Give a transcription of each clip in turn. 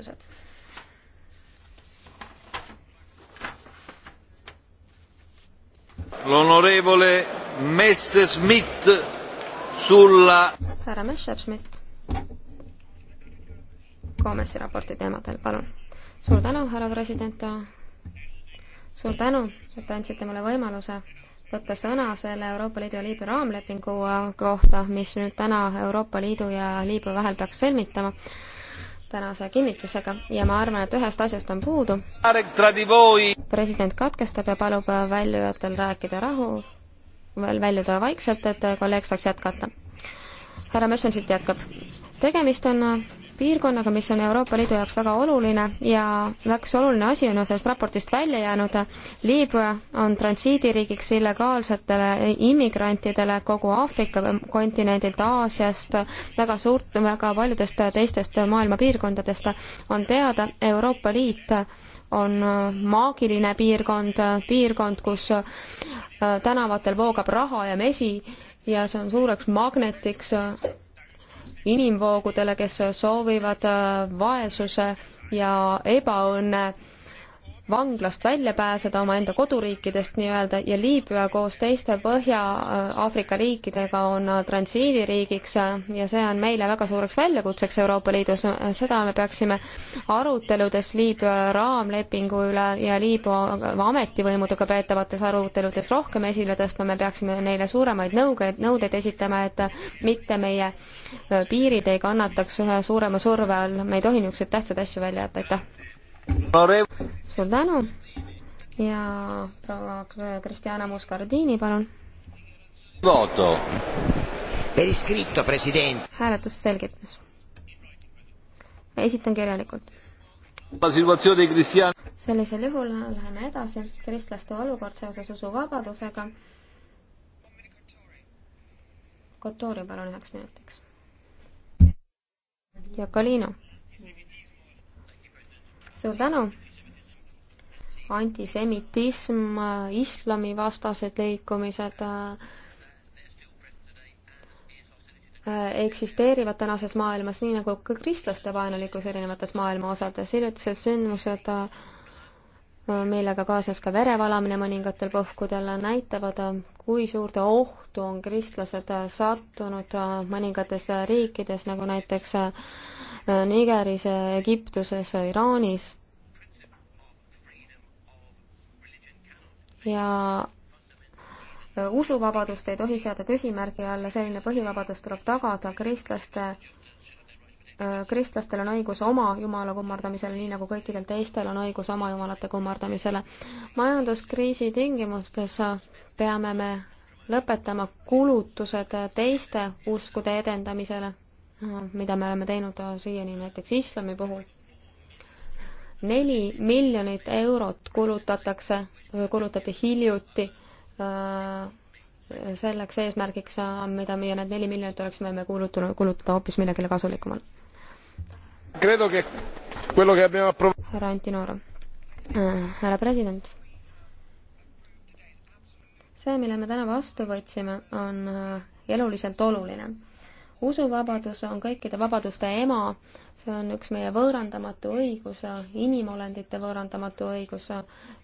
muudatused. L'onorevole Messerschmidt sulla härra Messerschmidt Koomessi raporti teemadel, palun. suur tänu, härra president. suur tänu, et andsite mulle võimaluse võtta sõna selle Euroopa Liidu ja Liibüa raamlepingu kohta, mis nüüd täna Euroopa Liidu ja Liibüa vahel peaks sõlmitama tänase kinnitusega ja ma arvan, et ühest asjast on puudu. president katkestab ja palub väljujatel rääkida rahu, veel väljuda vaikselt, et kolleeg saaks jätkata. härra Mössensit jätkab. tegemist on piirkonnaga, mis on Euroopa Liidu jaoks väga oluline ja üks oluline asi on sellest raportist välja jäänud. Liibüa on transiidiriigiks illegaalsetele immigrantidele kogu Aafrika kontinendilt, Aasiast, väga suurt, väga paljudest teistest maailma piirkondadest on teada, Euroopa Liit on maagiline piirkond, piirkond, kus äh, tänavatel voogab raha ja mesi ja see on suureks magnetiks inimvoogudele, kes soovivad äh, vaesuse ja ebaõnne vanglast välja pääseda, omaenda koduriikidest nii-öelda, ja Liibüa koos teiste Põhja-Aafrika riikidega on transiidiriigiks äh, ja see on meile väga suureks väljakutseks Euroopa Liidus. seda me peaksime aruteludes Liibüa raamlepingu üle ja Liibüa ametivõimudega peetavates aruteludes rohkem esile tõstma, me peaksime neile suuremaid nõugeid, nõudeid esitama, et mitte meie äh, piirid ei kannataks ühe suurema surve all, me ei tohi niisuguseid tähtsaid asju välja jätta, aitäh! suur tänu ja proua Kristjana Muscardini, palun. hääletusselgitus. esitan kirjalikult sellisel juhul läheme edasi, kristlaste olukord seoses usuvabadusega. Kotori palun üheks minutiks. Jakolino suur tänu! antisemitism, islamivastased liikumised äh, eksisteerivad tänases maailmas, nii nagu ka kristlaste vaenulikkus erinevates maailma osades, hiljutised sündmused äh, millega kaasnes ka verevalamine mõningatel puhkudel, näitavad, äh, kui suurde ohtu on kristlased sattunud äh, mõningates äh, riikides, nagu näiteks äh, Nigeris, Egiptuses, Iraanis. ja usuvabadust ei tohi seada küsimärgi alla, selline põhivabadus tuleb tagada kristlaste kristlastel on õigus oma jumala kummardamisele, nii nagu kõikidel teistel on õigus oma jumalate kummardamisele. majanduskriisi tingimustes peame me lõpetama kulutused teiste uskude edendamisele, mida me oleme teinud siiani näiteks islami puhul. neli miljonit eurot kulutatakse, kulutati hiljuti äh, selleks eesmärgiks, äh, mida meie need neli miljonit oleksime me kulutanud, kulutada hoopis millelegi kasulikumale härra Antinoro, äh, härra president. see, mille me täna vastu võtsime, on äh, eluliselt oluline. usuvabadus on kõikide vabaduste ema, see on üks meie võõrandamatu õigus, äh, inimolendite võõrandamatu õigus,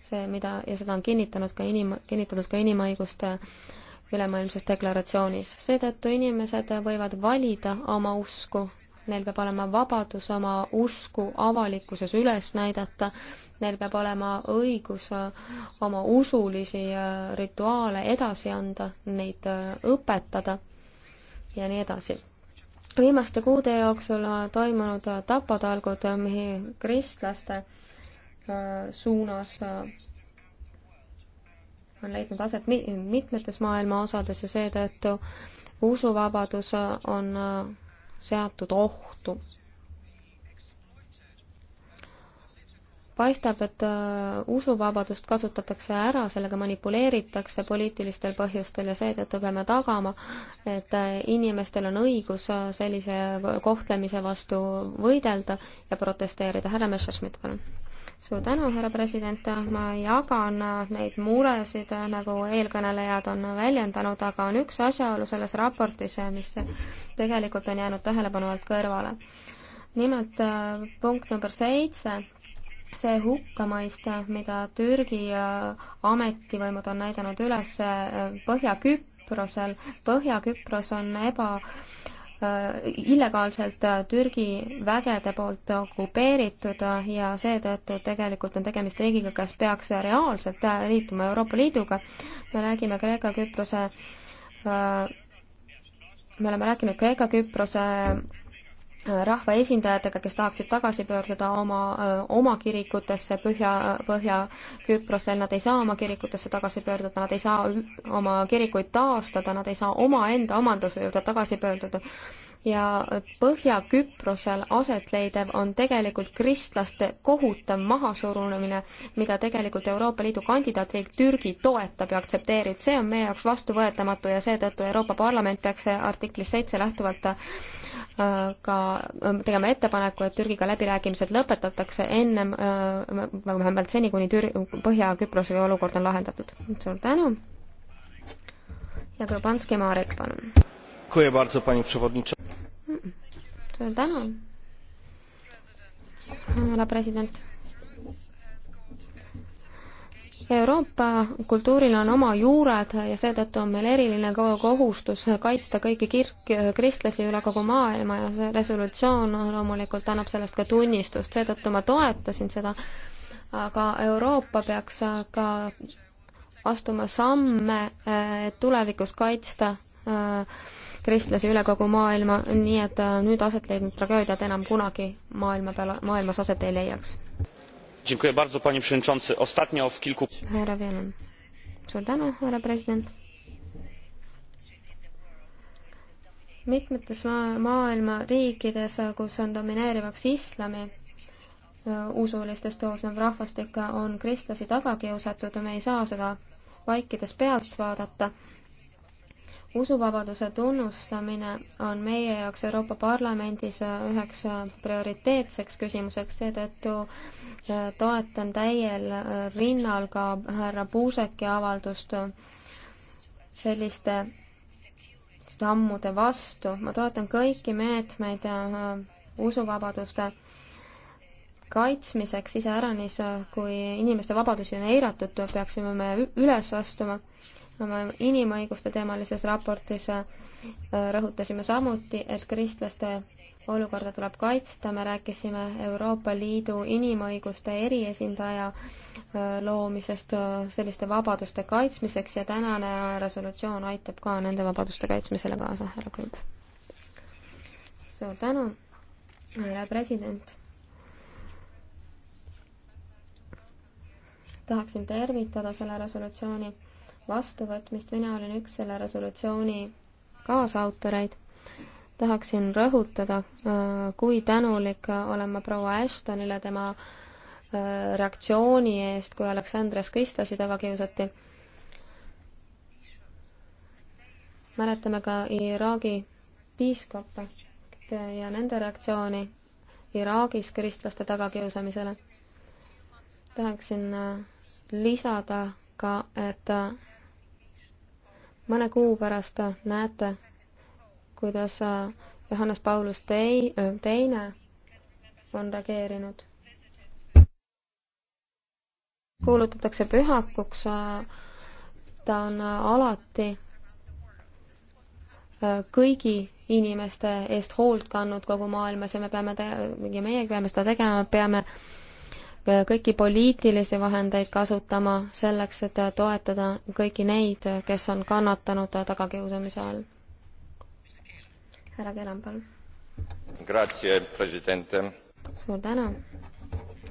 see, mida, ja seda on kinnitanud ka inim-, kinnitatud ka inimõiguste ülemaailmses deklaratsioonis. seetõttu inimesed võivad valida oma usku neil peab olema vabadus oma usku avalikkuses üles näidata, neil peab olema õigus äh, oma usulisi äh, rituaale edasi anda, neid äh, õpetada ja nii edasi viimaste kuude jooksul toimunud tapatalgud mehi kristlaste suunas on leidnud aset mitmetes maailma osades ja seetõttu usuvabadus on seatud ohtu. paistab, et äh, usuvabadust kasutatakse ära, sellega manipuleeritakse poliitilistel põhjustel ja seetõttu peame tagama, et äh, inimestel on õigus äh, sellise kohtlemise vastu võidelda ja protesteerida. härra Messerschmidt, palun suur tänu, härra president, ma jagan neid muresid, nagu eelkõnelejad on väljendanud, aga on üks asjaolu selles raportis, mis tegelikult on jäänud tähelepanu alt kõrvale. nimelt punkt number seitse, see hukkamõiste, mida Türgi ametivõimud on näidanud üles Põhja-Küprosel, Põhja-Küpros on eba Äh, illegaalselt äh, Türgi vägede poolt okupeeritud äh, ja seetõttu tegelikult on tegemist riigiga, kes peaks reaalselt liituma Euroopa Liiduga. me räägime Kreeka, Küprose, me oleme rääkinud Kreeka, Küprose rahvaesindajatega, kes tahaksid tagasi pöörduda oma, oma kirikutesse Põhja, Põhja-Küprosel, nad ei saa oma kirikutesse tagasi pöörduda, nad ei saa oma kirikuid taastada, nad ei saa omaenda omanduse juurde tagasi pöörduda. ja Põhja-Küprosel aset leidev on tegelikult kristlaste kohutav mahasurunemine, mida tegelikult Euroopa Liidu kandidaatriik Türgi toetab ja aktsepteerib. see on meie jaoks vastuvõetamatu ja seetõttu Euroopa Parlament peaks artiklist seitse lähtuvalt ka, tegema ettepaneku, et Türgiga läbirääkimised lõpetatakse ennem, äh, vähemalt seni, kuni Tür-, Põhja-Küprose olukord on lahendatud. suur tänu ja Grobanski Marek, palun. suur tänu, härra president Euroopa kultuuril on oma juured ja seetõttu on meil eriline kohustus kaitsta kõiki kirk-, kristlasi üle kogu maailma ja see resolutsioon loomulikult annab sellest ka tunnistust, seetõttu ma toetasin seda, aga Euroopa peaks ka astuma samme, et tulevikus kaitsta äh, kristlasi üle kogu maailma, nii et äh, nüüd aset leidnud tragöödiad enam kunagi maailma peal, maailmas aset ei leiaks ostatnio w kilku. härra Vielan, suur tänu, härra president. mitmetes ma maailma riikides, kus on domineerivaks islami äh, usulistest koosnev rahvastik, äh, on kristlasi taga kiusatud ja me ei saa seda vaikides pealt vaadata usuvabaduse tunnustamine on meie jaoks Euroopa Parlamendis üheks prioriteetseks küsimuseks, seetõttu äh, toetan täiel äh, rinnal ka härra Puuseki avaldust äh, selliste sammude vastu. ma toetan kõiki meetmeid usuvabaduste kaitsmiseks iseäranis, kui inimeste vabadusi on eiratud, peaksime me üles astuma oma inimõiguste teemalises raportis äh, rõhutasime samuti, et kristlaste olukorda tuleb kaitsta, me rääkisime Euroopa Liidu inimõiguste eriesindaja äh, loomisest äh, selliste vabaduste kaitsmiseks ja tänane resolutsioon aitab ka nende vabaduste kaitsmisele kaasa, härra Klump. suur tänu, härra president. tahaksin tervitada selle resolutsiooni vastuvõtmist, mina olin üks selle resolutsiooni kaasautoreid, tahaksin rõhutada, äh, kui tänulik olen ma proua Ashtonile tema äh, reaktsiooni eest, kui Aleksandras Kristasi taga kiusati. mäletame ka Iraagi piiskoppe ja nende reaktsiooni Iraagis kristlaste tagakiusamisele. tahaksin äh, lisada ka, et mõne kuu pärast näete, kuidas äh, Johannes Paulus tei-, äh, teine on reageerinud. kuulutatakse pühakuks, äh, ta on alati kõigi inimeste eest hoolt kandnud kogu maailmas ja me peame te-, ja meie peame seda tegema, peame äh, Äh, kõiki poliitilisi vahendeid kasutama selleks, et äh, toetada kõiki neid, äh, kes on kannatanud tagakiusamise all. härra Kelam, palun. suur tänu,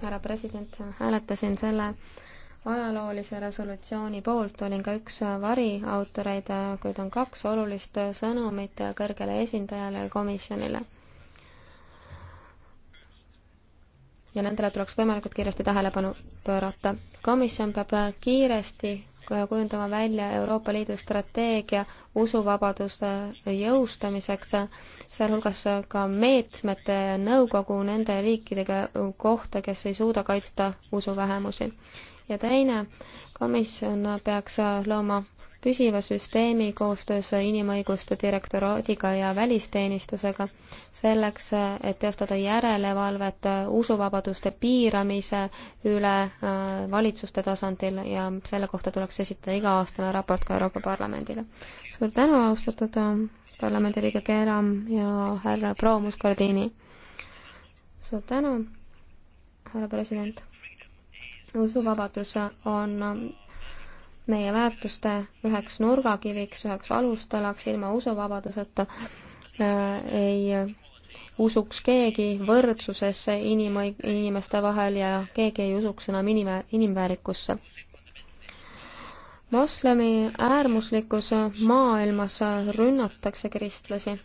härra president, hääletasin selle ajaloolise resolutsiooni poolt olin ka üks variautoreid, kuid on kaks olulist sõnumit kõrgele esindajale ja komisjonile. ja nendele tuleks võimalikult kiiresti tähelepanu pöörata. komisjon peab kiiresti kujundama välja Euroopa Liidu strateegia usuvabaduse jõustamiseks, sealhulgas ka meetmete nõukogu nende riikidega kohta, kes ei suuda kaitsta usuvähemusi. ja teine, komisjon peaks looma püsiva süsteemi koostöös inimõiguste direktoraadiga ja välisteenistusega selleks, et teostada järelevalvet usuvabaduste piiramise üle äh, valitsuste tasandil ja selle kohta tuleks esitada iga-aastane raport ka Euroopa Parlamendile. suur tänu, austatud äh, parlamendiliige Keram ja härra proua Muskardini. suur tänu, härra president. usuvabadus on meie väärtuste üheks nurgakiviks, üheks alustalaks, ilma usuvabaduseta äh, ei usuks keegi võrdsusesse inima-, inimeste vahel ja keegi ei usuks enam inim-, inimväärikusse. moslemi äärmuslikus maailmas rünnatakse kristlasi,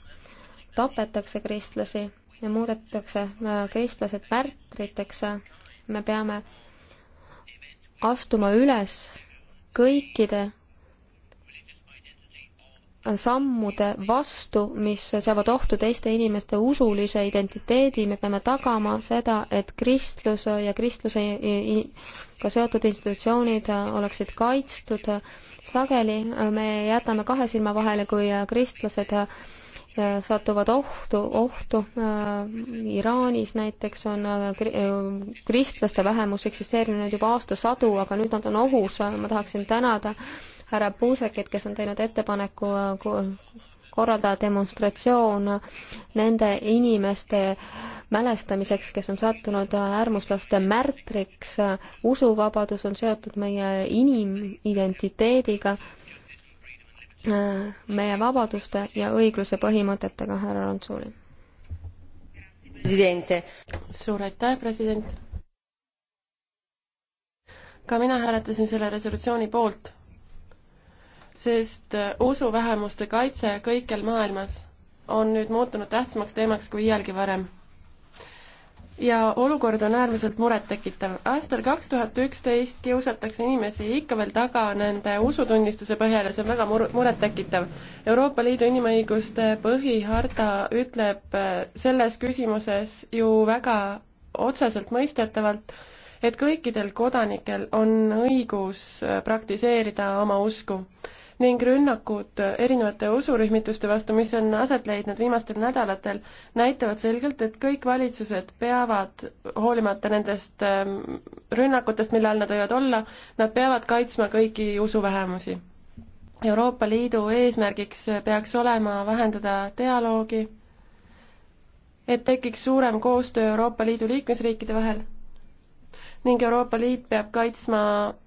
tapetakse kristlasi ja muudetakse äh, kristlased märtriteks, me peame astuma üles kõikide sammude vastu, mis seavad ohtu teiste inimeste usulise identiteedi, me peame tagama seda, et kristlus ja kristlusega seotud institutsioonid oleksid kaitstud. sageli me jätame kahe silma vahele, kui kristlased Äh, satuvad ohtu, ohtu. Äh, Iraanis näiteks on äh, kristlaste vähemus eksisteerinud juba aastasadu, aga nüüd nad on ohus. ma tahaksin tänada härra Puusekit, kes on teinud ettepaneku korraldada demonstratsioon nende inimeste mälestamiseks, kes on sattunud äärmuslaste märtriks. usuvabadus on seotud meie inimidentiteediga Äh, meie vabaduste ja õigluse põhimõtetega, härra Randsuuli. suur aitäh, president! ka mina hääletasin selle resolutsiooni poolt, sest äh, usuvähemuste kaitse kõikjal maailmas on nüüd muutunud tähtsamaks teemaks kui iialgi varem ja olukord on äärmiselt murettekitav. aastal kaks tuhat üksteist kiusatakse inimesi ikka veel taga nende usutunnistuse põhjal ja see on väga mur-, murettekitav. Euroopa Liidu inimõiguste põhiharta ütleb äh, selles küsimuses ju väga otseselt mõistetavalt, et kõikidel kodanikel on õigus äh, praktiseerida oma usku ning rünnakud erinevate usurühmituste vastu, mis on aset leidnud viimastel nädalatel, näitavad selgelt, et kõik valitsused peavad, hoolimata nendest ähm, rünnakutest, mille all nad võivad olla, nad peavad kaitsma kõiki usuvähemusi. Euroopa Liidu eesmärgiks peaks olema vähendada dialoogi, et tekiks suurem koostöö Euroopa Liidu liikmesriikide vahel ning Euroopa Liit peab kaitsma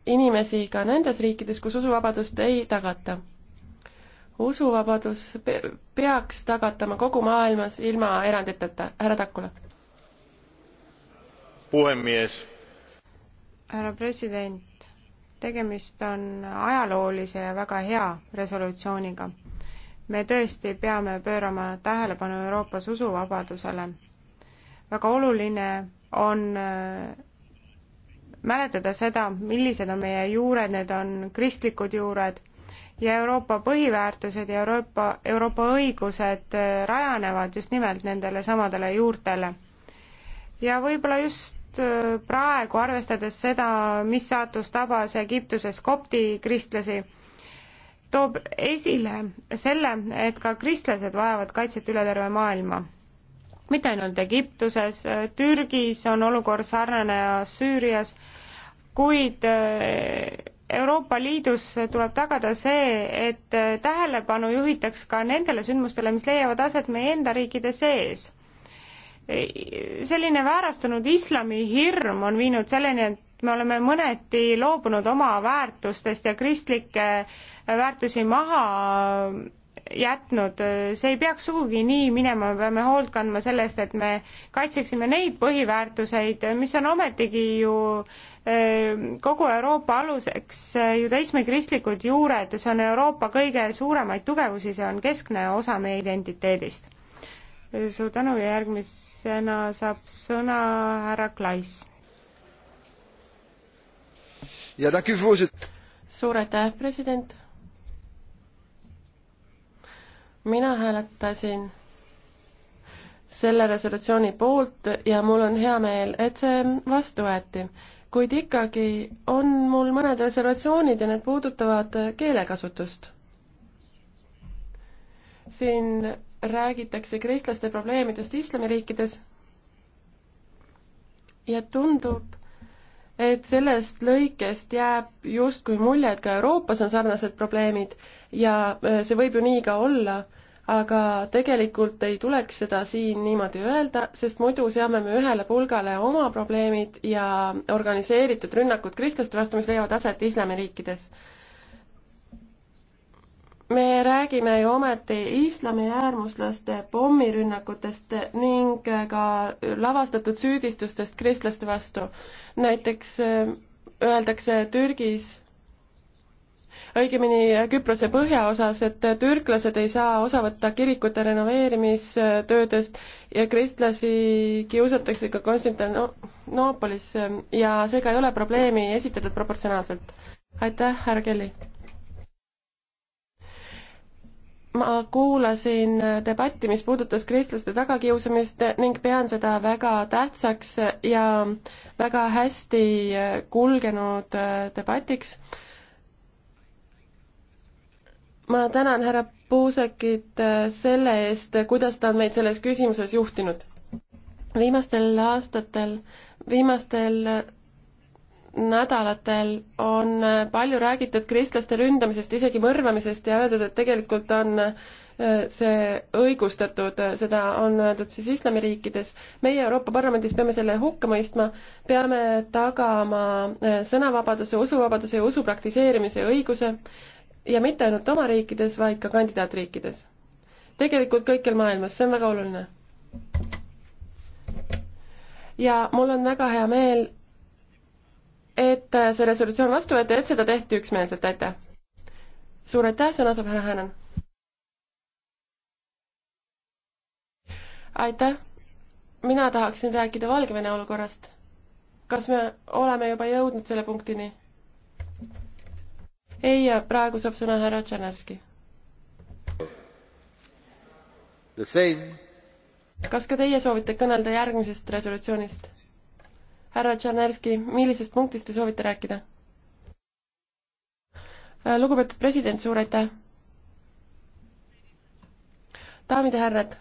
inimesi ka nendes riikides, kus usuvabadust ei tagata. usuvabadus peaks tagatama kogu maailmas ilma eranditeta. härra Takula. puhemees. härra president, tegemist on ajaloolise ja väga hea resolutsiooniga me tõesti peame pöörama tähelepanu Euroopas usuvabadusele. väga oluline on mäletada seda, millised on meie juured, need on kristlikud juured ja Euroopa põhiväärtused ja Euroopa, Euroopa õigused äh, rajanevad just nimelt nendele samadele juurtele. ja võib-olla just äh, praegu, arvestades seda, mis saatus tabas Egiptuses kopti kristlasi, toob esile selle, et ka kristlased vajavad kaitset üle terve maailma mitte ainult Egiptuses, Türgis on olukord sarnane Süürias, kuid eh, Euroopa Liidus tuleb tagada see, et eh, tähelepanu juhitaks ka nendele sündmustele, mis leiavad aset meie enda riikide sees eh, selline väärastunud islami hirm on viinud selleni, et me oleme mõneti loobunud oma väärtustest ja kristlikke väärtusi maha jätnud, see ei peaks sugugi nii minema, me peame hoolt kandma selle eest, et me kaitseksime neid põhiväärtuseid, mis on ometigi ju kogu Euroopa aluseks, judaismi kristlikud juured, see on Euroopa kõige suuremaid tugevusi, see on keskne osa meie identiteedist. suur tänu ja järgmisena saab sõna härra Klais. suur aitäh, president mina hääletasin selle resolutsiooni poolt ja mul on hea meel, et see vastu võeti. kuid ikkagi on mul mõned reservatsioonid ja need puudutavad keelekasutust. siin räägitakse kristlaste probleemidest islamiriikides ja tundub, et sellest lõikest jääb justkui mulje, et ka Euroopas on sarnased probleemid ja äh, see võib ju nii ka olla, aga tegelikult ei tuleks seda siin niimoodi öelda, sest muidu seame me ühele pulgale oma probleemid ja organiseeritud rünnakud kristlaste vastu, mis leiavad aset islamiriikides me räägime ju ometi islami äärmuslaste pommirünnakutest ning ka lavastatud süüdistustest kristlaste vastu. näiteks äh, öeldakse Türgis, õigemini Küprose põhjaosas, et türklased ei saa osa võtta kirikute renoveerimistöödest ja kristlasi kiusatakse ka Konstantinoopolis äh, ja seega ei ole probleemi esitatud proportsionaalselt. aitäh, härra Kelly! ma kuulasin debatti, mis puudutas kristlaste tagakiusamist ning pean seda väga tähtsaks ja väga hästi kulgenud debatiks. ma tänan härra Puusekit selle eest, kuidas ta on meid selles küsimuses juhtinud. viimastel aastatel, viimastel nädalatel on palju räägitud kristlaste ründamisest, isegi mõrvamisest ja öeldud, et tegelikult on äh, see õigustatud, seda on öeldud siis islamiriikides. meie Euroopa Parlamendis peame selle hukka mõistma, peame tagama äh, sõnavabaduse, usuvabaduse ja usu praktiseerimise õiguse ja mitte ainult oma riikides, vaid ka kandidaatriikides. tegelikult kõikjal maailmas, see on väga oluline. ja mul on väga hea meel, et see resolutsioon vastu võeti, et seda tehti üksmeelselt, aitäh! suur aitäh, sõna saab härra Häänen. aitäh! mina tahaksin rääkida Valgevene olukorrast. kas me oleme juba jõudnud selle punktini? ei, praegu saab sõna härra Tšernerski. kas ka teie soovite kõnelda järgmisest resolutsioonist? härra Tšarnerski, millisest punktist te soovite rääkida? Äh, lugupeetud president, suur aitäh! daamid ja härrad,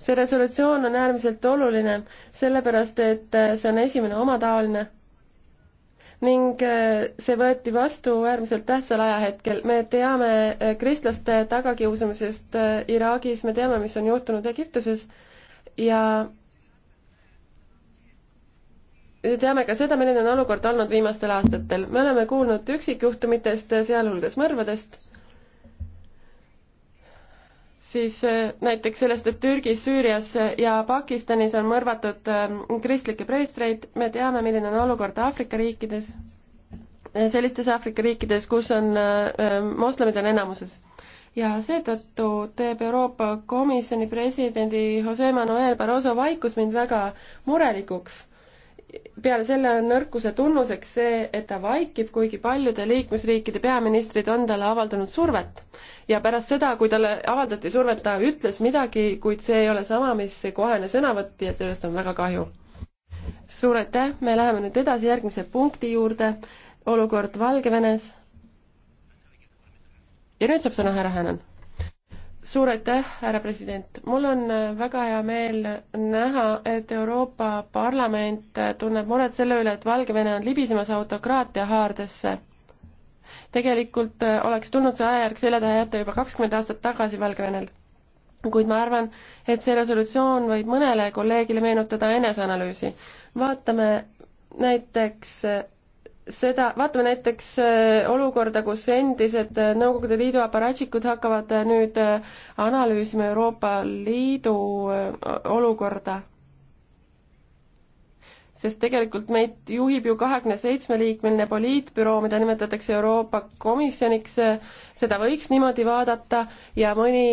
see resolutsioon on äärmiselt oluline, sellepärast et äh, see on esimene omataoline ning äh, see võeti vastu äärmiselt tähtsal ajahetkel. me teame kristlaste tagakiusamisest Iraagis, me teame, mis on juhtunud Egiptuses ja teame ka seda, milline on olukord olnud viimastel aastatel. me oleme kuulnud üksikjuhtumitest, sealhulgas mõrvadest, siis eh, näiteks sellest, et Türgis, Süürias ja Pakistanis on mõrvatud eh, kristlikke preestreid, me teame, milline on olukord Aafrika riikides, eh, sellistes Aafrika riikides, kus on moslemid on enamuses ja seetõttu teeb Euroopa Komisjoni presidendi Jose Manuel Barroso vaikus mind väga murelikuks peale selle on nõrkuse tunnuseks see, et ta vaikib, kuigi paljude liikmesriikide peaministrid on talle avaldanud survet. ja pärast seda, kui talle avaldati survet, ta ütles midagi, kuid see ei ole sama, mis kohene sõnavõtt ja sellest on väga kahju. suur aitäh, me läheme nüüd edasi järgmise punkti juurde, olukord Valgevenes. ja nüüd saab sõna härra Hänan suur aitäh, härra president. mul on äh, väga hea meel näha, et Euroopa Parlament äh, tunneb muret selle üle, et Valgevene on libisemas autokraatia haardesse. tegelikult äh, oleks tulnud see ajajärg selja taha jätta juba kakskümmend aastat tagasi Valgevenel. kuid ma arvan, et see resolutsioon võib mõnele kolleegile meenutada eneseanalüüsi. vaatame näiteks seda, vaatame näiteks äh, olukorda, kus endised äh, Nõukogude Liidu aparatšikud hakkavad äh, nüüd analüüsima Euroopa Liidu olukorda. sest tegelikult meid juhib ju kahekümne seitsme liikmeline poliitbüroo, mida nimetatakse Euroopa Komisjoniks, seda võiks niimoodi vaadata ja mõni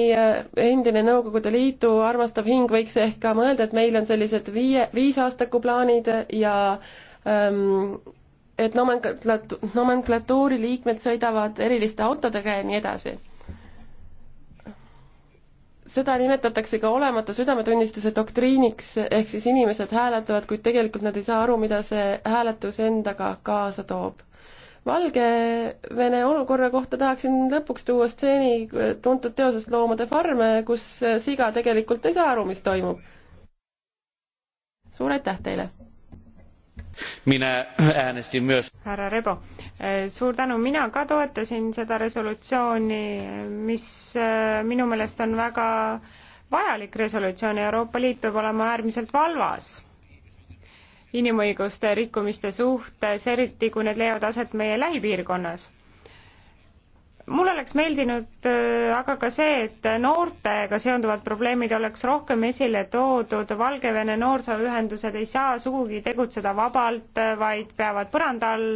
endine Nõukogude Liitu armastav hing võiks ehk ka mõelda, et meil on sellised viie, viisaastaku plaanid ja ähm, et nomenklatu-, nomenklatuuri liikmed sõidavad eriliste autodega ja nii edasi. seda nimetatakse ka olematu südametunnistuse doktriiniks, ehk siis inimesed hääletavad, kuid tegelikult nad ei saa aru, mida see hääletus endaga kaasa toob. Valgevene olukorra kohta tahaksin lõpuks tuua stseeni tuntud teosest Loomade farm, kus siga tegelikult ei saa aru, mis toimub. suur aitäh teile! mina äänestin myös. härra Rebo, eh, suur tänu, mina ka toetasin seda resolutsiooni, mis eh, minu meelest on väga vajalik resolutsioon, Euroopa Liit peab olema äärmiselt valvas inimõiguste rikkumiste suhtes, eriti kui need leiavad aset meie lähipiirkonnas mul oleks meeldinud äh, aga ka see, et noortega seonduvad probleemid oleks rohkem esile toodud, Valgevene noorsooühendused ei saa sugugi tegutseda vabalt, äh, vaid peavad põranda all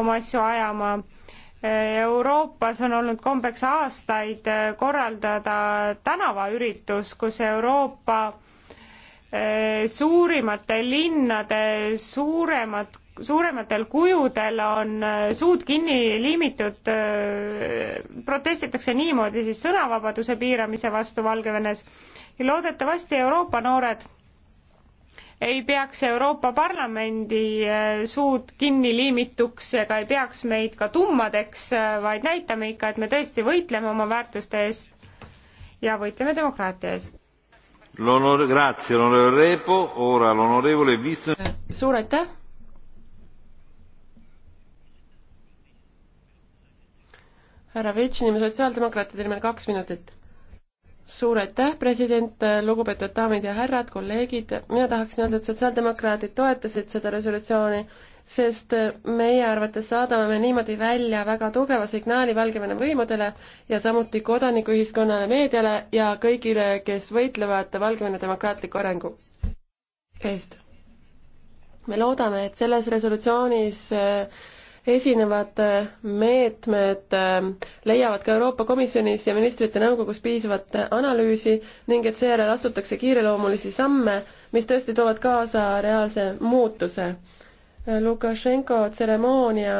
oma asju ajama. Äh, Euroopas on olnud kombeks aastaid korraldada tänavaüritus, kus Euroopa suurimate linnade suuremad suurematel kujudel on äh, suud kinni liimitud, äh, protestitakse niimoodi siis sõnavabaduse piiramise vastu Valgevenes ja loodetavasti Euroopa noored ei peaks Euroopa Parlamendi äh, suud kinni liimituks ega ei peaks meid ka tummadeks, vaid näitame ikka, et me tõesti võitleme oma väärtuste eest ja võitleme demokraatia eest. suur aitäh! härra Vetšini, sotsiaaldemokraatide nimel kaks minutit. suur aitäh, president, lugupeetud daamid ja härrad, kolleegid, mina tahaksin öelda, et sotsiaaldemokraadid toetasid seda resolutsiooni, sest meie arvates saadame me niimoodi välja väga tugeva signaali Valgevene võimudele ja samuti kodanikuühiskonnale, meediale ja kõigile, kes võitlevad Valgevene demokraatliku arengu eest. me loodame, et selles resolutsioonis äh, esinevad äh, meetmed äh, leiavad ka Euroopa Komisjonis ja ministrite nõukogus piisavat äh, analüüsi ning et seejärel astutakse kiireloomulisi samme, mis tõesti toovad kaasa reaalse muutuse. Lukašenko tseremoonia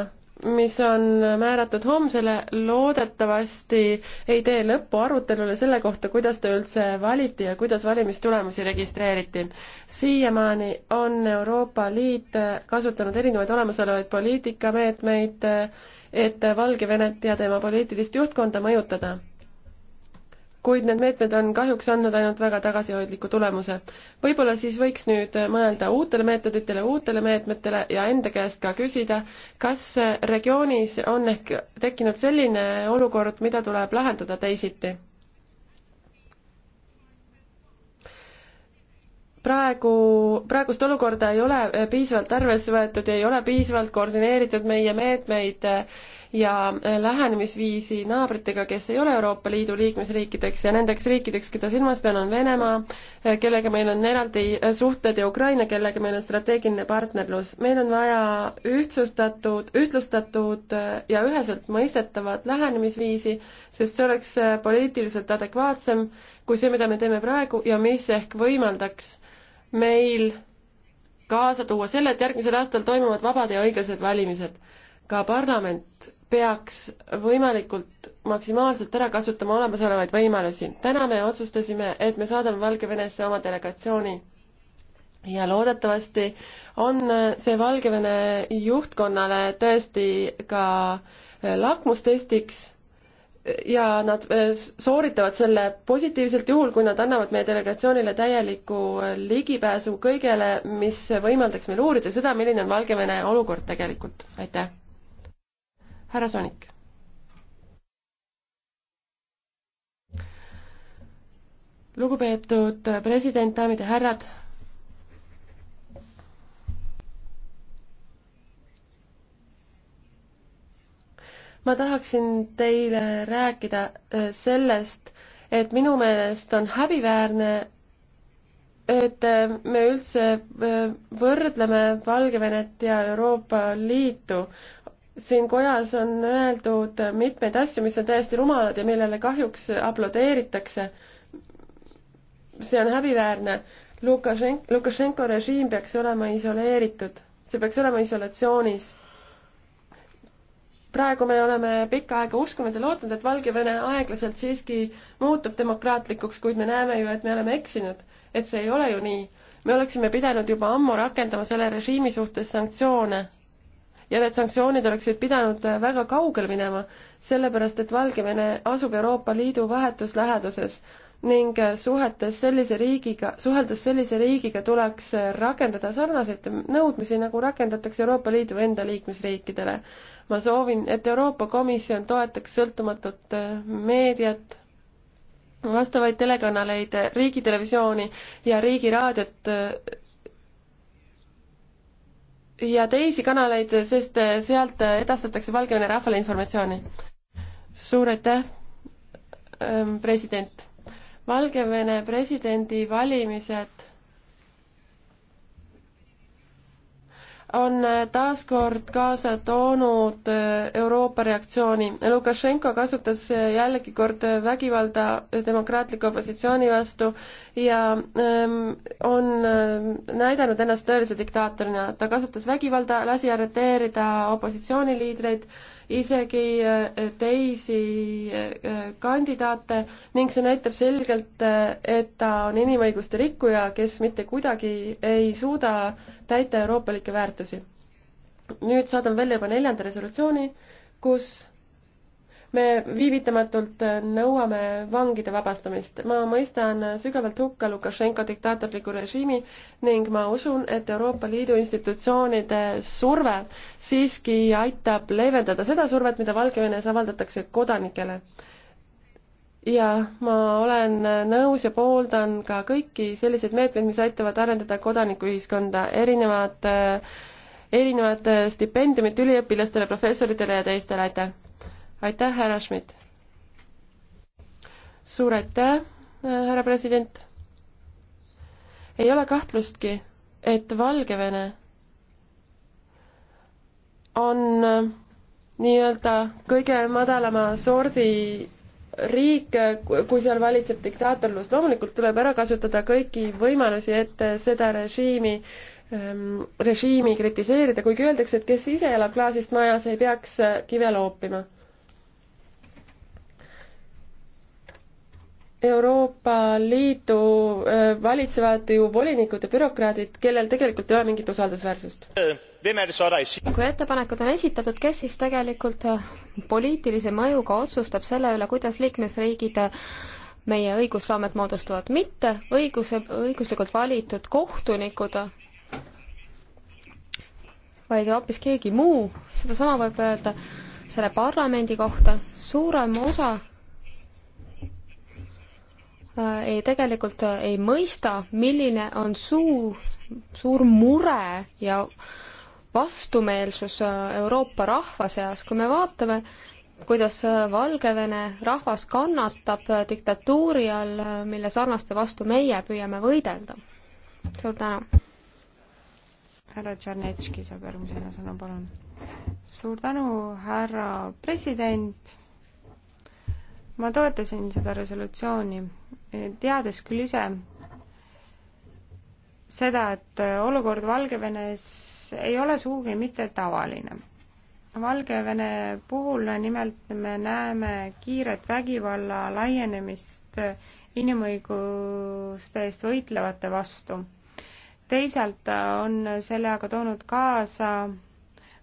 mis on määratud homsele, loodetavasti ei tee lõppu arutelule selle kohta, kuidas ta üldse valiti ja kuidas valimistulemusi registreeriti. siiamaani on Euroopa Liit kasutanud erinevaid olemasolevaid poliitikameetmeid, et Valgevenet ja tema poliitilist juhtkonda mõjutada kuid need meetmed on kahjuks andnud ainult väga tagasihoidliku tulemuse. võib-olla siis võiks nüüd mõelda uutele meetoditele, uutele meetmetele ja enda käest ka küsida, kas regioonis on ehk tekkinud selline olukord, mida tuleb lahendada teisiti praegu, praegust olukorda ei ole eh, piisavalt arvesse võetud, ei ole piisavalt koordineeritud meie meetmeid eh, ja eh, lähenemisviisi naabritega, kes ei ole Euroopa Liidu liikmesriikideks ja nendeks riikideks, keda silmas pean, on Venemaa, kellega meil on eraldi suhted ja Ukraina, kellega meil on strateegiline partnerlus. meil on vaja ühtsustatud, ühtlustatud ja üheselt mõistetavat lähenemisviisi, sest see oleks poliitiliselt adekvaatsem kui see, mida me teeme praegu ja mis ehk võimaldaks meil kaasa tuua selle, et järgmisel aastal toimuvad vabad ja õiglased valimised. ka parlament peaks võimalikult maksimaalselt ära kasutama olemasolevaid võimalusi. täna me otsustasime, et me saadame Valgevenesse oma delegatsiooni ja loodetavasti on see Valgevene juhtkonnale tõesti ka lakmustestiks ja nad eh, sooritavad selle positiivselt juhul, kui nad annavad meie delegatsioonile täieliku eh, ligipääsu kõigele, mis võimaldaks meil uurida seda, milline on Valgevene olukord tegelikult. aitäh. härra Soonik. lugupeetud president, daamid ja härrad ma tahaksin teile rääkida sellest, et minu meelest on häbiväärne, et me üldse võrdleme Valgevenet ja Euroopa Liitu. siin kojas on öeldud mitmeid asju, mis on täiesti rumalad ja millele kahjuks aplodeeritakse. see on häbiväärne. Lukašenko, Lukašenko režiim peaks olema isoleeritud, see peaks olema isolatsioonis praegu me oleme pikka aega uskunud ja lootnud, et Valgevene aeglaselt siiski muutub demokraatlikuks, kuid me näeme ju, et me oleme eksinud, et see ei ole ju nii. me oleksime pidanud juba ammu rakendama selle režiimi suhtes sanktsioone ja need sanktsioonid oleksid pidanud väga kaugel minema, sellepärast et Valgevene asub Euroopa Liidu vahetus läheduses ning suhetes sellise riigiga, suheldes sellise riigiga tuleks rakendada sarnaseid nõudmisi, nagu rakendatakse Euroopa Liidu enda liikmesriikidele. ma soovin, et Euroopa Komisjon toetaks sõltumatut äh, meediat, vastavaid telekanaleid, riigitelevisiooni ja riigiraadiot äh, ja teisi kanaleid, sest äh, sealt edastatakse Valgevene rahvale informatsiooni. suur aitäh, ähm, president Valgevene presidendi valimised on äh, taaskord kaasa toonud äh, Euroopa reaktsiooni. Lukašenko kasutas äh, jällegi kord vägivalda demokraatliku opositsiooni vastu ja ähm, on näidanud ennast tõelise diktaatorina. ta kasutas vägivalda, lasi arreteerida opositsiooniliidreid isegi eh, teisi eh, kandidaate ning see näitab selgelt, eh, et ta on inimõiguste rikkuja, kes mitte kuidagi ei suuda täita euroopalikke väärtusi. nüüd saadan välja juba neljanda resolutsiooni, kus me viivitamatult nõuame vangide vabastamist. ma mõistan sügavalt hukka Lukašenko diktaatorliku režiimi ning ma usun, et Euroopa Liidu institutsioonide surve siiski aitab leevendada seda survet, mida Valgevenes avaldatakse kodanikele ja ma olen nõus ja pooldan ka kõiki selliseid meetmeid, mis aitavad arendada kodanikuühiskonda, erinevad, erinevad stipendiumid üliõpilastele, professoritele ja teistele, aitäh! aitäh, härra Schmidt! suur aitäh, härra president! ei ole kahtlustki, et Valgevene on nii-öelda kõige madalama sordi riik, kui seal valitseb diktaatorlus, loomulikult tuleb ära kasutada kõiki võimalusi, et seda režiimi, ehm, režiimi kritiseerida, kuigi öeldakse, et kes ise elab klaasist majas, ei peaks kive loopima Euroopa Liidu äh, valitsevad ju volinikud ja bürokraadid, kellel tegelikult ei ole mingit usaldusväärsust. kui ettepanekud on esitatud, kes siis tegelikult äh, poliitilise mõjuga otsustab selle üle, kuidas liikmesriigid äh, meie õigusloomet moodustavad, mitte õiguse, õiguslikult valitud kohtunikud, vaid hoopis keegi muu, sedasama võib öelda selle parlamendi kohta, suurem osa Äh, ei, tegelikult äh, ei mõista, milline on suur, suur mure ja vastumeelsus äh, Euroopa rahva seas, kui me vaatame, kuidas Valgevene rahvas kannatab diktatuuri all, mille sarnaste vastu meie püüame võidelda. suur tänu! härra Tšernetški saab järgmisena sõna, palun. suur tänu, härra president ma toetasin seda resolutsiooni, teades küll ise seda, et olukord Valgevenes ei ole sugugi mitte tavaline. Valgevene puhul nimelt me näeme kiiret vägivalla laienemist inimõiguste eest võitlevate vastu. teisalt on selle aga toonud kaasa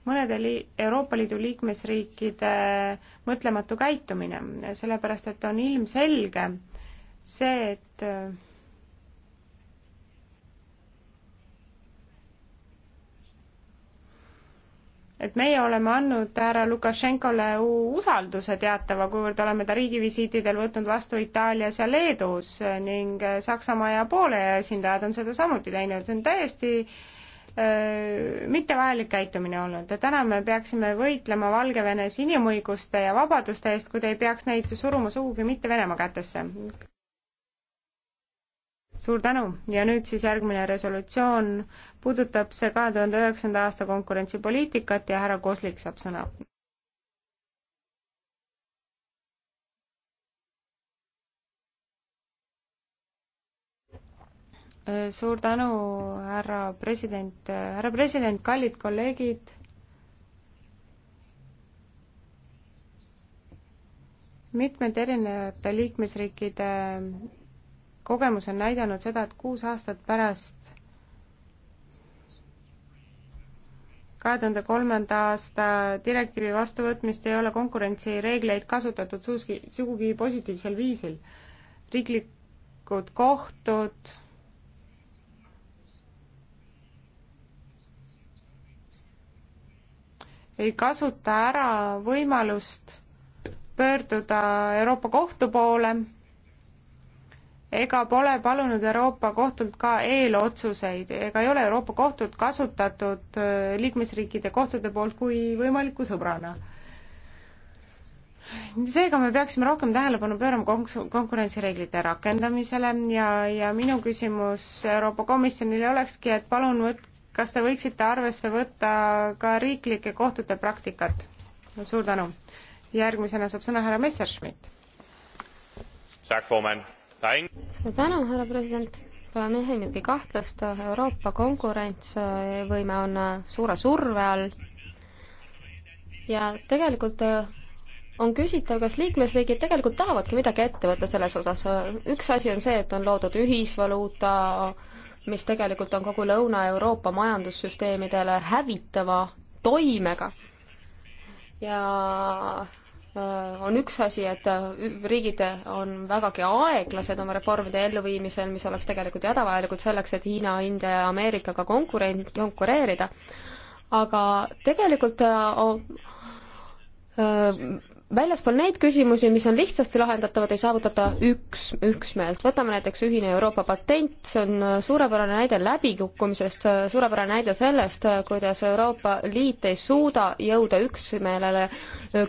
mõnede li-, Euroopa Liidu liikmesriikide mõtlematu käitumine, sellepärast et on ilmselge see, et et meie oleme andnud härra Lukašenkole usalduse teatava, kuivõrd oleme ta riigivisiitidel võtnud vastu Itaalias ja Leedus ning Saksamaa ja Poola esindajad on seda samuti teinud, see on täiesti äh, mittevajalik käitumine olnud ja täna me peaksime võitlema Valgevenes inimõiguste ja vabaduste eest, kuid ei peaks neid suruma sugugi mitte Venemaa kätesse. suur tänu ja nüüd siis järgmine resolutsioon puudutab see kahe tuhande üheksanda aasta konkurentsipoliitikat ja härra Koslik saab sõna. suur tänu, härra president, härra president, kallid kolleegid. mitmed erinevate liikmesriikide kogemus on näidanud seda, et kuus aastat pärast kahe tuhande kolmanda aasta direktiivi vastuvõtmist ei ole konkurentsireegleid kasutatud suuski, sugugi positiivsel viisil. riiklikud kohtud ei kasuta ära võimalust pöörduda Euroopa Kohtu poole ega pole palunud Euroopa Kohtult ka eelotsuseid ega ei ole Euroopa Kohtut kasutatud äh, liikmesriikide kohtade poolt kui võimaliku sõbrana. seega me peaksime rohkem tähelepanu pöörama konkurentsireeglite rakendamisele ja, ja minu küsimus Euroopa Komisjonile olekski, et palun võtke kas te võiksite arvesse võtta ka riiklike kohtute praktikat? suur tänu. järgmisena saab sõna härra Messerschmidt. suur tänu, härra president. Pole mingitki kahtlust, Euroopa konkurentsivõime on suure surve all. ja tegelikult eh, on küsitav, kas liikmesriigid tegelikult tahavadki midagi ette võtta selles osas. üks asi on see, et on loodud ühisvaluuta, mis tegelikult on kogu Lõuna-Euroopa majandussüsteemidele hävitava toimega. ja äh, on üks asi, et äh, riigid on vägagi aeglased oma reformide elluviimisel, mis oleks tegelikult hädavajalikud selleks, et Hiina, India ja Ameerikaga konkurent, konkureerida. aga tegelikult äh, väljaspool neid küsimusi, mis on lihtsasti lahendatavad, ei saavutata üks, üksmeelt. võtame näiteks ühine Euroopa patent, see on äh, suurepärane näide läbikukkumisest, äh, suurepärane näide sellest, äh, kuidas Euroopa Liit ei suuda jõuda üksmeelele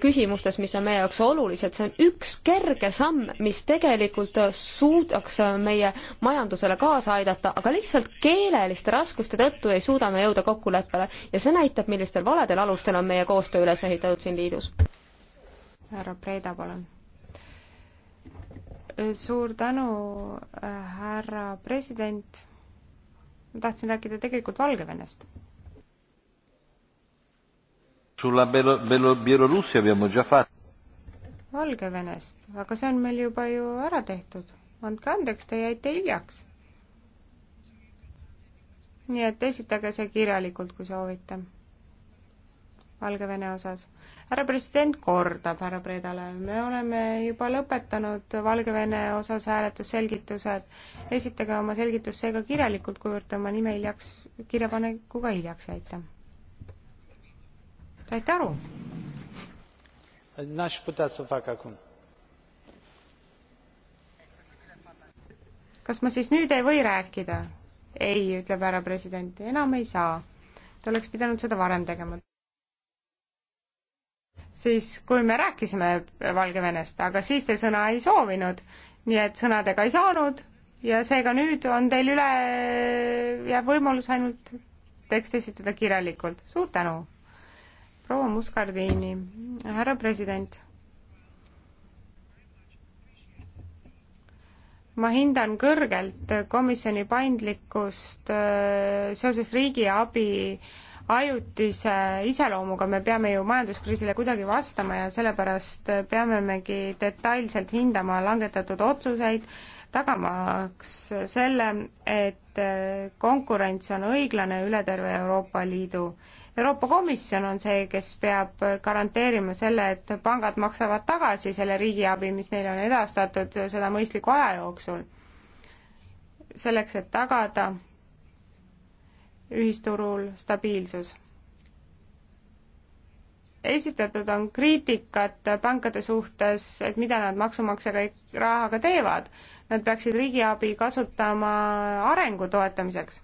küsimustes, mis on meie jaoks olulised. see on üks kerge samm, mis tegelikult suudaks meie majandusele kaasa aidata, aga lihtsalt keeleliste raskuste tõttu ei suuda me jõuda kokkuleppele. ja see näitab, millistel valedel alustel on meie koostöö üles ehitatud siin liidus härra Preda, palun. suur tänu, härra president. ma tahtsin rääkida tegelikult Valgevenest. Sulla Belo-, Belo-, Bielorussia abbiamo già fatto. Valgevenest, aga see on meil juba ju ära tehtud. andke andeks, te jäite hiljaks. nii et esitage see kirjalikult, kui soovite. Valgevene osas härra president kordab härra Predale, me oleme juba lõpetanud Valgevene osas hääletusselgitused. esitage oma selgitus seega kirjalikult, kuivõrd te oma nime hiljaks, kirjapanekuga hiljaks jäite. saite aru? kas ma siis nüüd ei või rääkida? ei, ütleb härra president, enam ei saa. ta oleks pidanud seda varem tegema siis kui me rääkisime Valgevenest, aga siis te sõna ei soovinud, nii et sõnadega ei saanud ja seega nüüd on teil üle, jääb võimalus ainult tekst esitada kirjalikult. suur tänu, proua Muscardini, härra president. ma hindan kõrgelt komisjoni paindlikkust äh, seoses riigiabi äh, ajutise iseloomuga, me peame ju majanduskriisile kuidagi vastama ja sellepärast peamegi detailselt hindama langetatud otsuseid, tagamaks selle, et konkurents on õiglane üle terve Euroopa Liidu. Euroopa Komisjon on see, kes peab garanteerima selle, et pangad maksavad tagasi selle riigiabi, mis neile on edastatud, seda mõistliku aja jooksul. selleks, et tagada ühisturul stabiilsus. esitatud on kriitikat pankade suhtes, et mida nad maksumaksjaga rahaga teevad. Nad peaksid riigiabi kasutama arengu toetamiseks,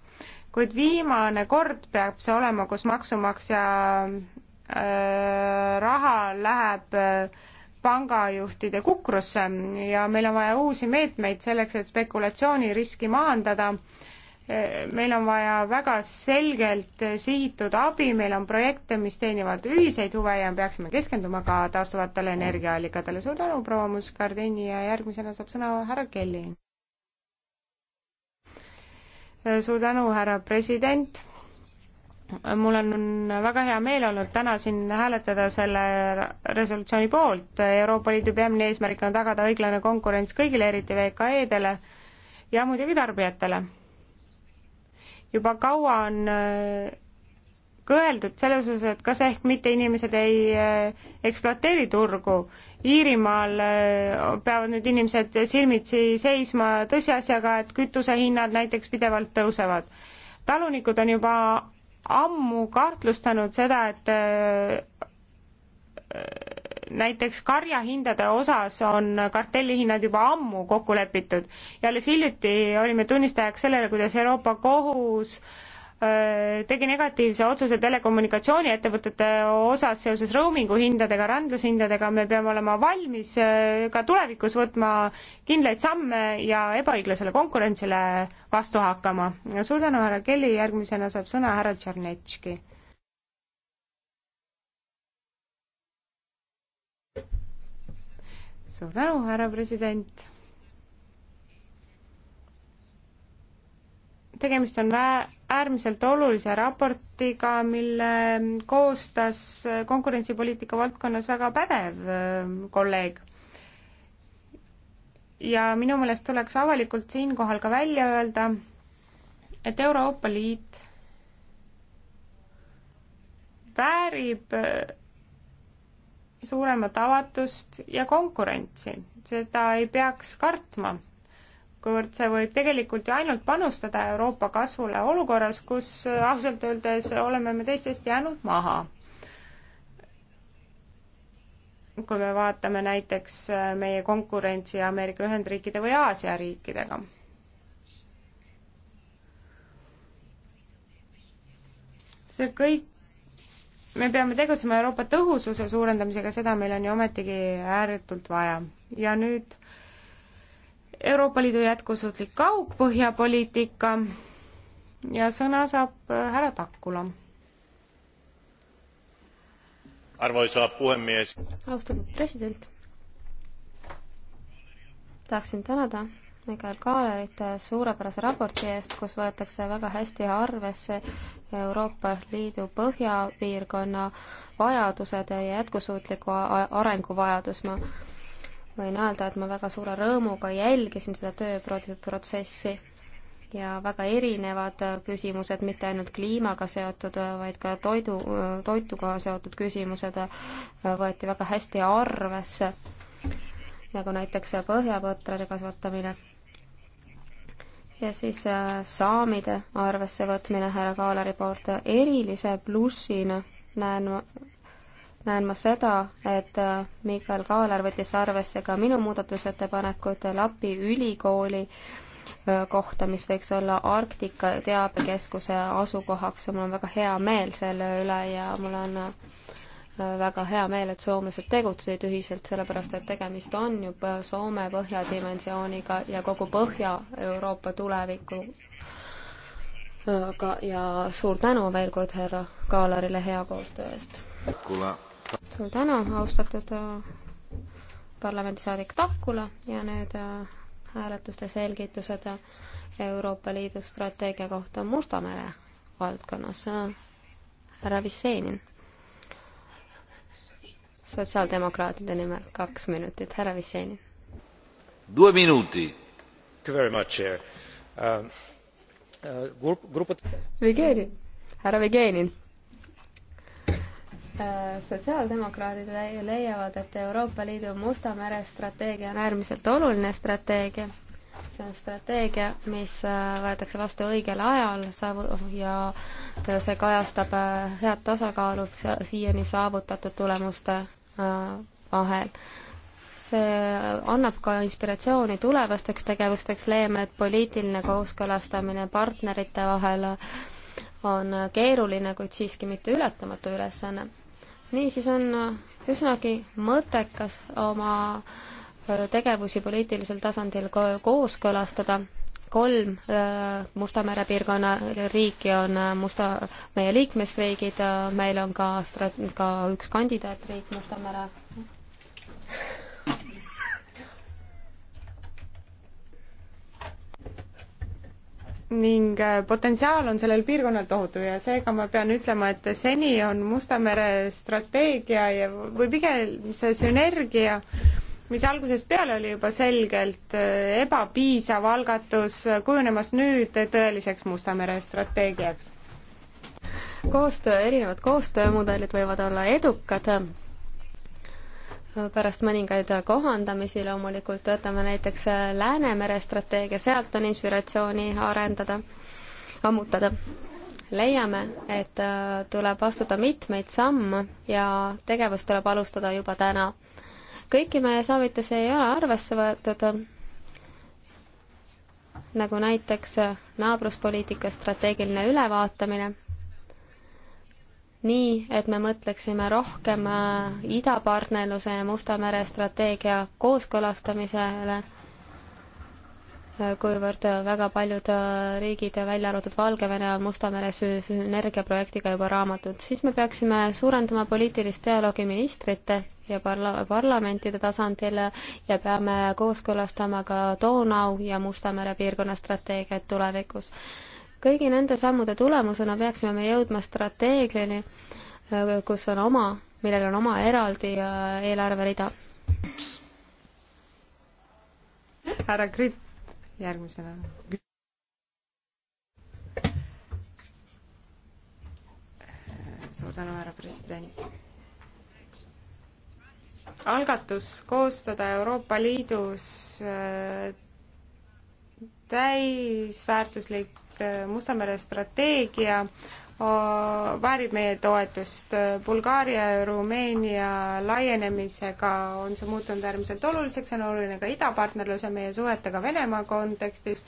kuid viimane kord peab see olema, kus maksumaksja äh, raha läheb äh, pangajuhtide kukrusse ja meil on vaja uusi meetmeid selleks, et spekulatsiooniriski maandada äh, meil on vaja väga selgelt sihitud abi, meil on projekte, mis teenivad ühiseid huve ja peaksime keskenduma ka taastuvatele energiaallikatele. suur tänu, proua Muskardini ja järgmisena saab sõna härra Kelly. suur tänu, härra president. mul on väga hea meel olnud täna siin hääletada selle resolutsiooni poolt. Euroopa Liidu peamine eesmärk on tagada õiglane konkurents kõigile, eriti VKE-dele ja muidugi tarbijatele juba kaua on äh, kõeldud selles osas, et kas ehk mitte inimesed ei äh, ekspluateeri turgu. Iirimaal äh, peavad nüüd inimesed silmitsi seisma tõsiasjaga, et kütusehinnad näiteks pidevalt tõusevad. talunikud on juba ammu kahtlustanud seda, et näiteks karjahindade osas on kartellihinnad juba ammu kokku lepitud ja alles hiljuti olime tunnistajaks sellele, kuidas Euroopa Kohus äh, tegi negatiivse otsuse telekommunikatsiooniettevõtete osas seoses roamingu hindadega, rändlushindadega, me peame olema valmis äh, ka tulevikus võtma kindlaid samme ja ebaõiglasele konkurentsile vastu hakkama. suur tänu, härra Kelly, järgmisena saab sõna härra Tšernetški suur tänu, härra president. tegemist on äärmiselt olulise raportiga, mille koostas konkurentsipoliitika valdkonnas väga pädev ähm, kolleeg. ja minu meelest tuleks avalikult siinkohal ka välja öelda, et Euroopa Liit väärib äh, suuremat avatust ja konkurentsi. seda ei peaks kartma, kuivõrd see võib tegelikult ju ainult panustada Euroopa kasvule olukorras, kus äh, ausalt öeldes oleme me teistest jäänud maha. kui me vaatame näiteks äh, meie konkurentsi Ameerika Ühendriikide või Aasia riikidega see kõik me peame tegutsema Euroopa tõhususe suurendamisega, seda meil on ju ometigi ääretult vaja. ja nüüd Euroopa Liidu jätkusuutlik kaugpõhjapoliitika ja sõna saab äh, härra Takula. arvoisa puhemies. austatud president, tahaksin tänada Mikael Kaalerit suurepärase raporti eest, kus võetakse väga hästi arvesse Euroopa Liidu põhjapiirkonna vajadused ja jätkusuutliku arengu vajadus. ma võin öelda, et ma väga suure rõõmuga jälgisin seda tööprotsessi ja väga erinevad küsimused, mitte ainult kliimaga seotud, vaid ka toidu, toituga seotud küsimused võeti väga hästi arvesse, nagu näiteks põhjapõtrade kasvatamine ja siis äh, saamide arvesse võtmine härra Kaaleri poolt erilise plussina näen ma näen ma seda, et äh, Mikael Kaaler võttis arvesse ka minu muudatusettepanekut Lapi ülikooli äh, kohta, mis võiks olla Arktika Teabekeskuse asukohaks ja mul on väga hea meel selle üle ja mul on väga hea meel, et soomlased tegutsesid ühiselt, sellepärast et tegemist on juba Soome põhjadimensiooniga ja kogu Põhja-Euroopa tuleviku aga, ja suur tänu veel kord härra Kaalarile hea koostöö eest. suur tänu, austatud äh, parlamendisaadik Takula ja nüüd äh, hääletuste selgitused Euroopa Liidu strateegia kohta Musta mere valdkonnas. Äh, härra Vissenin sotsiaaldemokraatide nimel kaks minutit, härra Visseni. Due minuti. Very much here um, uh,. Uh, grup-, gruput-. Vigenin, härra Vigenin sotsiaaldemokraadid leiavad, et Euroopa Liidu Musta mere strateegia on äärmiselt oluline strateegia. see on strateegia, mis uh, võetakse vastu õigel ajal ja see kajastab uh, head tasakaalu siiani saavutatud tulemuste vahel. see annab ka inspiratsiooni tulevasteks tegevusteks, leiame, et poliitiline kooskõlastamine partnerite vahel on keeruline, kuid siiski mitte ületamatu ülesanne. niisiis on üsnagi mõttekas oma tegevusi poliitilisel tasandil kooskõlastada kolm äh, Musta mere piirkonna riiki on äh, musta, meie liikmesriigid, äh, meil on ka, ka üks kandidaatriik Musta mere. ning potentsiaal on sellel piirkonnal tohutu ja seega ma pean ütlema, et seni on Musta mere strateegia ja või pigem see sünergia äh, mis algusest peale oli juba selgelt äh, ebapiisav algatus, äh, kujunemas nüüd tõeliseks Musta mere strateegiaks? koostöö, erinevad koostöömudelid võivad olla edukad, pärast mõningaid kohandamisi loomulikult, võtame näiteks äh, Läänemere strateegia, sealt on inspiratsiooni arendada, ammutada. leiame, et tuleb astuda mitmeid samme ja tegevust tuleb alustada juba täna kõiki meie soovitusi ei ole arvesse võetud, nagu näiteks naabruspoliitika strateegiline ülevaatamine nii, et me mõtleksime rohkem äh, idapartnerluse ja Musta mere strateegia kooskõlastamisele, äh, kuivõrd äh, väga paljud riigid, välja arvatud Valgevene, on Musta mere sünergiaprojektiga juba raamatud, siis me peaksime suurendama poliitilist dialoogi ministrite ja parla-, parlamentide tasandil ja peame kooskõlastama ka Donau ja Musta mere piirkonna strateegiaid tulevikus. kõigi nende sammude tulemusena peaksime me jõudma strateegiani, kus on oma, millel on oma eraldi äh, eelarverida. härra Kripp, järgmisena. suur tänu, härra president algatus koostada Euroopa Liidus äh, täisväärtuslik äh, Musta mere strateegia Äh, väärib meie toetust. Bulgaaria ja Rumeenia laienemisega on see muutunud äärmiselt oluliseks, see on oluline ka idapartnerluse, meie suhetega Venemaa kontekstis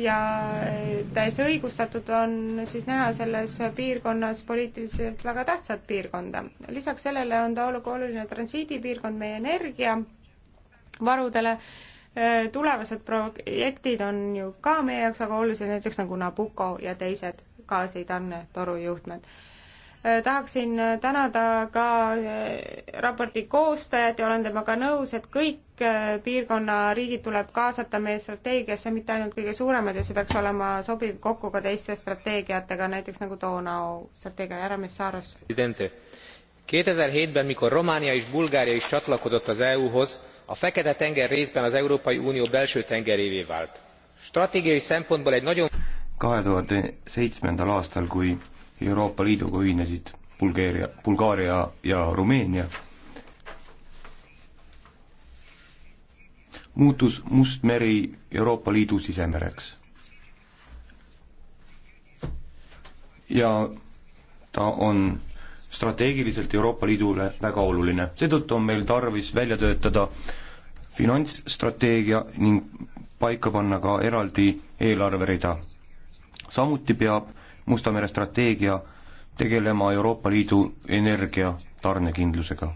ja äh, täiesti õigustatud on siis näha selles piirkonnas poliitiliselt väga tähtsat piirkonda. lisaks sellele on ta oluline transiidipiirkond meie energiavarudele, äh, tulevased projektid on ju ka meie jaoks väga olulised, näiteks nagu Nabucco ja teised gaasid on torujuhtmed äh, tahaksin äh, tänada ka äh, raporti koostajat ja olen temaga nõus, et kõik piirkonna riigid tuleb kaasata meie strateegiasse, mitte ainult kõige suuremad ja see peaks olema sobiv kokku ka teiste strateegiatega, näiteks nagu Donau strateegia, härra Messaros. ben mikor Románia és Bulgária is csatlakozott az EU-hoz, a Fekete-tenger részben az Európai Unió belső tengerévé vált. Stratégiai szempontból egy nagyon kahe tuhande seitsmendal aastal, kui Euroopa Liiduga ühinesid Bulgeeria, Bulgaaria ja Rumeenia, muutus Must meri Euroopa Liidu sisemereks. ja ta on strateegiliselt Euroopa Liidule väga oluline, seetõttu on meil tarvis välja töötada finantsstrateegia ning paika panna ka eraldi eelarverida samuti peab Musta mere strateegia tegelema Euroopa Liidu energia tarnekindlusega.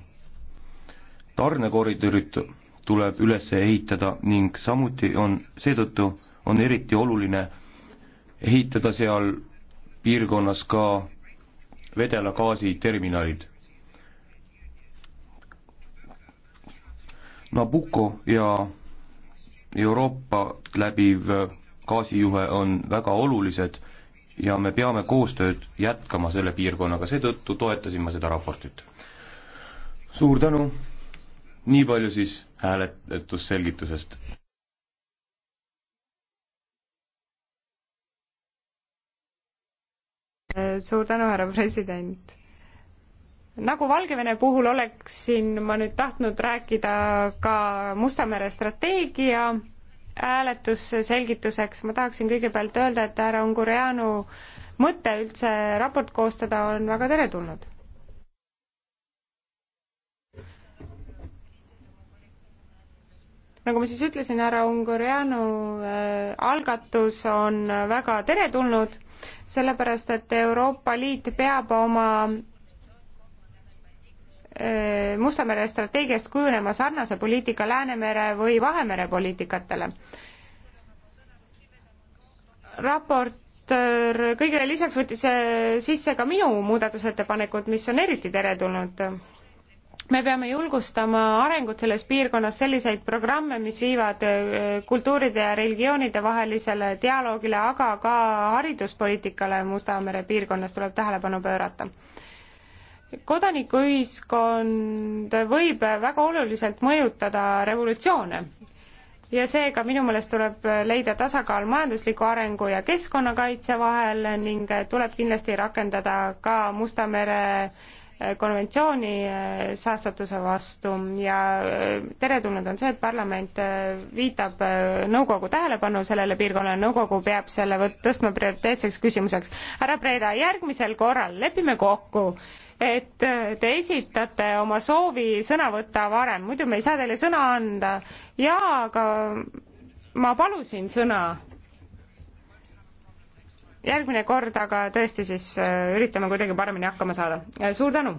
tarnekoridorid tuleb üles ehitada ning samuti on, seetõttu on eriti oluline ehitada seal piirkonnas ka vedelagaasiterminalid. Nabucco ja Euroopat läbiv gaasijuhe on väga olulised ja me peame koostööd jätkama selle piirkonnaga, seetõttu toetasin ma seda raportit. suur tänu, nii palju siis hääletusselgitusest. suur tänu, härra president. nagu Valgevene puhul oleksin ma nüüd tahtnud rääkida ka Musta mere strateegia hääletusselgituseks ma tahaksin kõigepealt öelda, et härra Ungureanu mõte üldse raport koostada on väga teretulnud. nagu ma siis ütlesin, härra Ungureanu äh, algatus on väga teretulnud, sellepärast et Euroopa Liit peab oma Musta mere strateegiast kujunema sarnase poliitika Läänemere või Vahemere poliitikatele. raportöör kõigele lisaks võttis sisse ka minu muudatusettepanekud, mis on eriti teretulnud. me peame julgustama arengut selles piirkonnas selliseid programme, mis viivad äh, kultuuride ja religioonide vahelisele dialoogile, aga ka hariduspoliitikale Musta mere piirkonnas tuleb tähelepanu pöörata kodanikuühiskond võib väga oluliselt mõjutada revolutsioone ja seega minu meelest tuleb leida tasakaal majandusliku arengu ja keskkonnakaitse vahel ning tuleb kindlasti rakendada ka Musta mere eh, konventsiooni eh, saastatuse vastu ja eh, teretulnud on see, et parlament viitab nõukogu tähelepanu sellele piirkonnale, nõukogu peab selle võt-, tõstma prioriteetseks küsimuseks. härra Preda, järgmisel korral lepime kokku et te esitate oma soovi sõna võtta varem, muidu me ei saa teile sõna anda. jaa, aga ma palusin sõna. järgmine kord aga tõesti siis äh, üritame kuidagi paremini hakkama saada. Äh, suur tänu!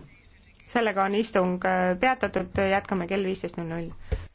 sellega on istung äh, peatatud, jätkame kell viisteist null null.